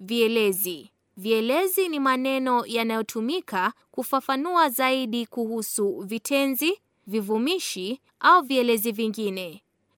Vielezi. Vielezi ni maneno yanayotumika kufafanua zaidi kuhusu vitenzi, vivumishi au vielezi vingine.